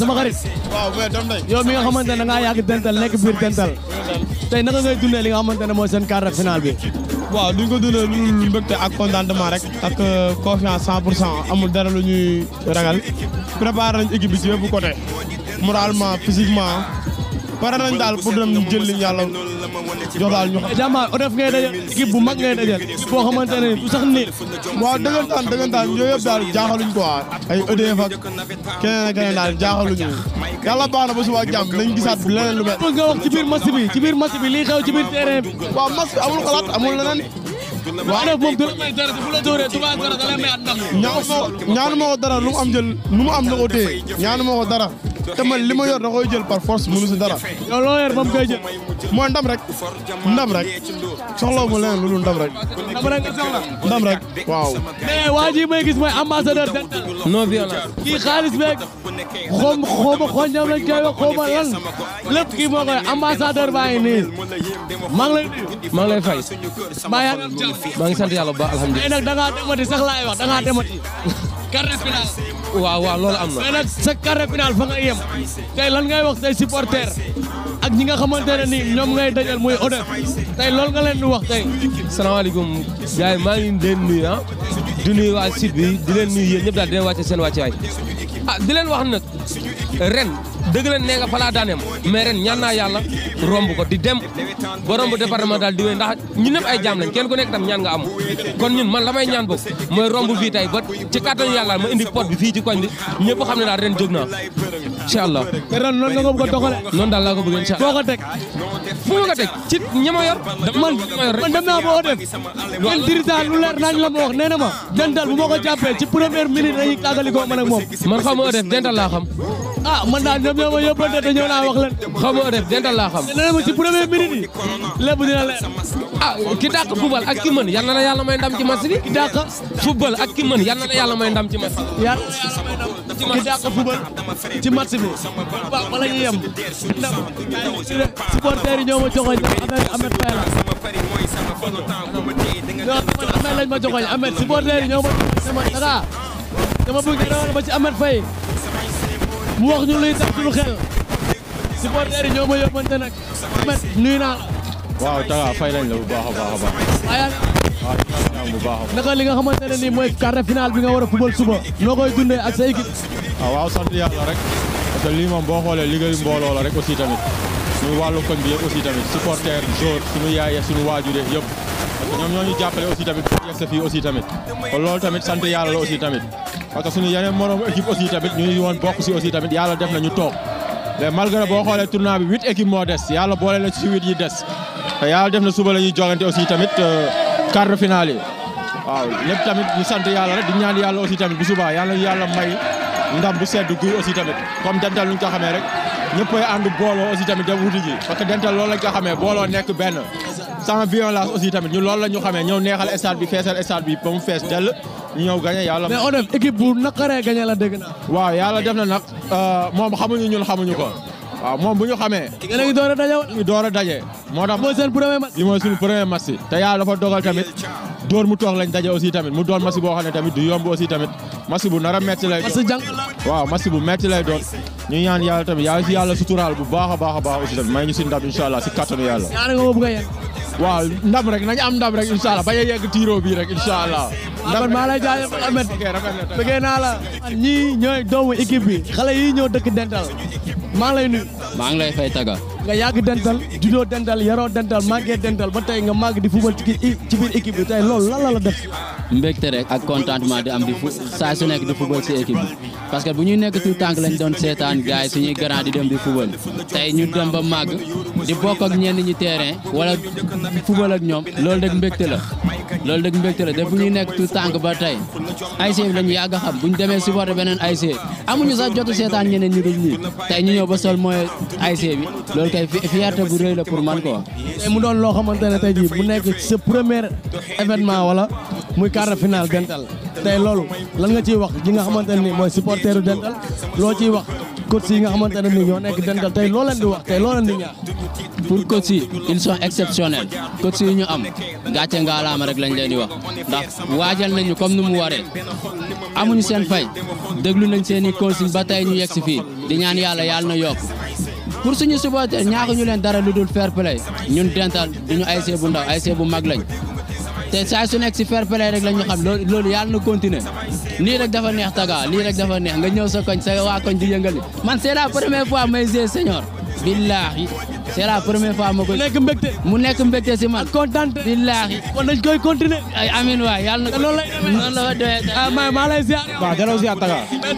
sama xarit waaw mi nga xamante ne da ngaa yàgg dental nekk biir dental tey naka ngay dundee li nga xamante ne mooy seen de finale bi waaw duñ ko dundee lu mbégte ak contentement rek ak euh, confiance 100 pour cent amul dara lu ñuy ragal préparé nañ équipe bi ci yëpp côté moralement physiquement pare nañ daal pour dem ñu jël li ñu jox daal ñu xam. jàmbaar odef ngay dajal équipe bu mag ngay dajal boo xamante ne du sax nii. waaw dëggantaan dëggantaan yooyu yëpp daal jaaxaluñ ko waa ay EDF ak keneen ak keneen daal jaaxaluñu yàlla baax na ba suba ak jàmm nañ gisaat leneen lu mel. bëgg wax ci biir match bi ci biir match bi lii amul xalaat amul leneen. waaw def moom dina may dara bu la dóoree tubaab dara da lay may at ndam. ñaanu ma ko ñaanu ma ko dara lu mu am jël lu mu am na ko téye ñaanu ma ko dara. te man li ma yor da koy jël par force mënu si dara. yow loo yor ba mu koy jël. mooy ndam rek ndam rek soxla mu leneen lu dul ndam rek. ndam rek nga soxla. ndam rek waaw. mais waa ji may gis mooy ambassadeur d' non violence. kii xaalis beeg xom xoma xonjam lañ koy wax lan lépp kii moo koy ambassadeur baa ngi nii maa fay. maa yaa ngi sant yàlla bu baax alhamdulilah. mais nag da ngaa demati sax laay wax da ngaa demati. quart waaw waaw loolu am na. mais nag sa carré final fa nga yem tey lan ngay wax say supporter ak ñi nga xamante ne nii ñoom ngay dajal muy ODEF tey loolu nga leen di wax tey. salaamaaleykum gars yi maa ngi leen nuyu ah di nuyu waa site bi di leen nuyu yéen ñëpp daal di leen wàcce seen wàcce waay ah di leen wax nag ren. dëgg la nee nga fa laa daaneem mais ren ñaan naa yàlla romb ko di dem ba romb départemental di wéy ndax ñun ñëpp ay jaam lañ kenn ku nekk tam ñaan nga am kon ñun man la may ñaan boog mooy romb fii tey ba ci kàttanu yàlla ma indi pot bi fii ci koñ bi ñëpp xam ne daal ren jóg naa incha allah te ren noonu la nga bëgg a doxale noonu daal laa ko bëgg incha allah foo ko teg fu nga ko teg ci ñi man man dem naa boo def man dirigeant lu leer nañ la ma wax nee ma dental bu ma ko jàppee ci première minute dañuy tàggalikoo man ak moom man xaw ma def dental laa xam ah man daal ñoom ñoo ma yóbbante te ñëw naa wax leen xaw ma def dental laa xam nee ma ci première minute yi lépp dina leer ah ki ki mën yal ak ki mën yal na la yàlla may ki dàq fubal ci match bi waaw wala ñuy yem ndax supporters yi ñoo ma joxoon Ahmed Ahmed Faye la non Ahmed lañ ma yi ñoo ma dama bëgg rawal ma ci Ahmed Faye mu wax ñu luy tax suñu xel supporters yi ñoo ma yóbbante nag waaw Taga fay la bu a baax waaw naka li nga xamante ne nii mooy quart de bi nga war a fubal suba noo koy dundee ak sa équipe. waaw ah, waaw sant yàlla rek parce que lii moom boo xoolee liggéeyu mbooloo la rek aussi tamit muy wàllu koñ bi yëpp aussi tamit supporter joueur suñu yaayee suñu waajur yëpp. parce que ñoom ñoo ñu jàppale aussi tamit pour yegg sa aussi tamit kon loolu tamit sant yàlla la aussi tamit parce que suñu yeneen moroom équipe aussi tamit ñu ngi woon bokk si aussi tamit yàlla def na ñu toog mais boo xoolee tournoi bi huit équipes moo des yàlla boole na ci huit yi des. yàlla def na suba la ñuy joŋante aussi tamit euh, quart de finale yi waaw lépp tamit ñu sant yàlla rek di ñaan yàlla aussi tamit bu suba yàlla yàlla may ndam bu sedd guy aussi tamit kom dental lu ñu ko xamee rek ñëppay ànd booloo aussi tamit dem wuti ji parce que dental loolu la ñu ko xamee booloo nekk benn sans violence aussi tamit ñu loolu la ñu xamee ñëw neexal stade bi feesal stade bi ba mu fees dell ñu ñëw gagné yàlla. mais on équipe bu naqaree gagné la dégg naa. waaw yàlla def na nag euh, moom xamuñu ñun xamuñu ko. waaw moom bu ñu xamee. nga léegi door a daje wala ñu door moo tax mooy seen premier match. li mooy suñu premier dogal tamit door mu toog lañ daje aussi tamit mu doon match boo xam ne tamit di yomb aussi tamit match bu nar a metti lay doon. waaw match bu metti lay doon ñu ñaan yàlla tamit yàlla si yàlla suturaal bu baax a baax a baax aussi tamit may ñu si ndam incha allah si kattanu yàlla. waaw ndam rek nañu am ndam rek incha allah bañ a yegg tiro bii rek incha allah. Ah, ndam maa la ñii ñooy doomu équipe bi xale maa lay nuyu. maa ngi lay fay taga. nga yàgg dental juddoo dental yaroo dental màggee dental ba tey nga màgg di football ci ci biir équipe tey loolu lan la la def. mbégte rek ak contentement di am di fu saa su nekk di football si équipe parce que bu ñuy nekk tout tànk lañ doon seetaan gars yi suñuy grand di dem di football tey ñu dem ba màgg di bokk ak ñenn ñi terrain wala football ak ñoom loolu rek mbégte la. loolu dëgg mbégte la bu ñuy nekk tu tànk ba tey ASC bi lañu yàgg a xam bu ñu demee supporter beneen ASC amuñu sax jotu seetaan ñeneen ñu dul ñii tey ñu ñëw ba sol mooy ay bi loolu kay fierté bu rëy la pour man quoi. mu doon loo xamante ne tey jii bu nekk sa premier événement wala muy quart de finale dental tey loolu lan nga ciy wax ji nga xamante ne nii mooy supporteru dental loo ciy wax coach yi nga xamante ne nii ñoo nekk dental tey loo leen di wax tey loo leen di ñaax. pour coach yi ils sont exceptionnels ñu am gàcce ngaalaama rek lañ di wax ndax waajal nañu comme ni mu waree amuñu seen fay déglu nañ seen i consigne ba tey ñu yegg si fii di ñaan yàlla yàlla na yokk pour suñu supporter ñaaxuñu leen dara lu dul fair play ñu dental duñu ay see bu ndaw ay see bu mag lañ te saa su nekk si fair play rek la ñu xam loolu loolu yàlla na continuer lii rek dafa neex taga lii rek dafa neex nga ñëw sa koñ sa waa koñ di yëngali man c'est c'est la première fois mu nekk mbégte mu nekk mbégte si man. kontaan te billaahi. kon dañ koy continuer. ay amiin waay yàlla na. loolu lay demee noonu la fa doyee. ah maa maa lay ziar. waaw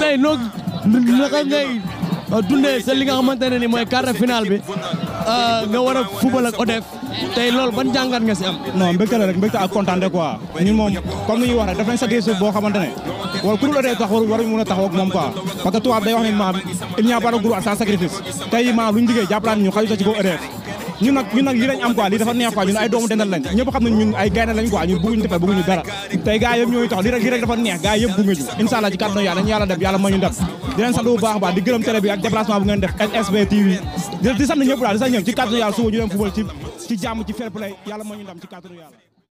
delloo ngay euh, dundee sa li nga xamante ne ni mooy quart de finale bi euh, nga war a football ak ODEF. tey loolu ban jàngat nga si am. non mbégte la rek mbégte ak kontaan quoi. ñun moom comme ni ñu wax rek daf leen satisfait boo xamante ne. wala ku dul atee sax waru waruñ mën a taxaw ak moom quoi parce que tubaab day wax maam il n'y a pas de groupe tey maam luñ liggéey jàpp ñu xaju sa ci kaw atee ñun nag ñun nag lii lañ am lii dafa neex quoi ñun ay doomu dendal lañ ñëpp xam nañ ñun ay gaynde lañ quoi ñun bëgguñu defal bëgguñu dara tey gars yëpp ñooñu tax lii rek dafa neex gars yëpp gunge ñu incha allah ci kàttanu yàlla ñu yàlla def yàlla ma ñu def di leen sant baax baax di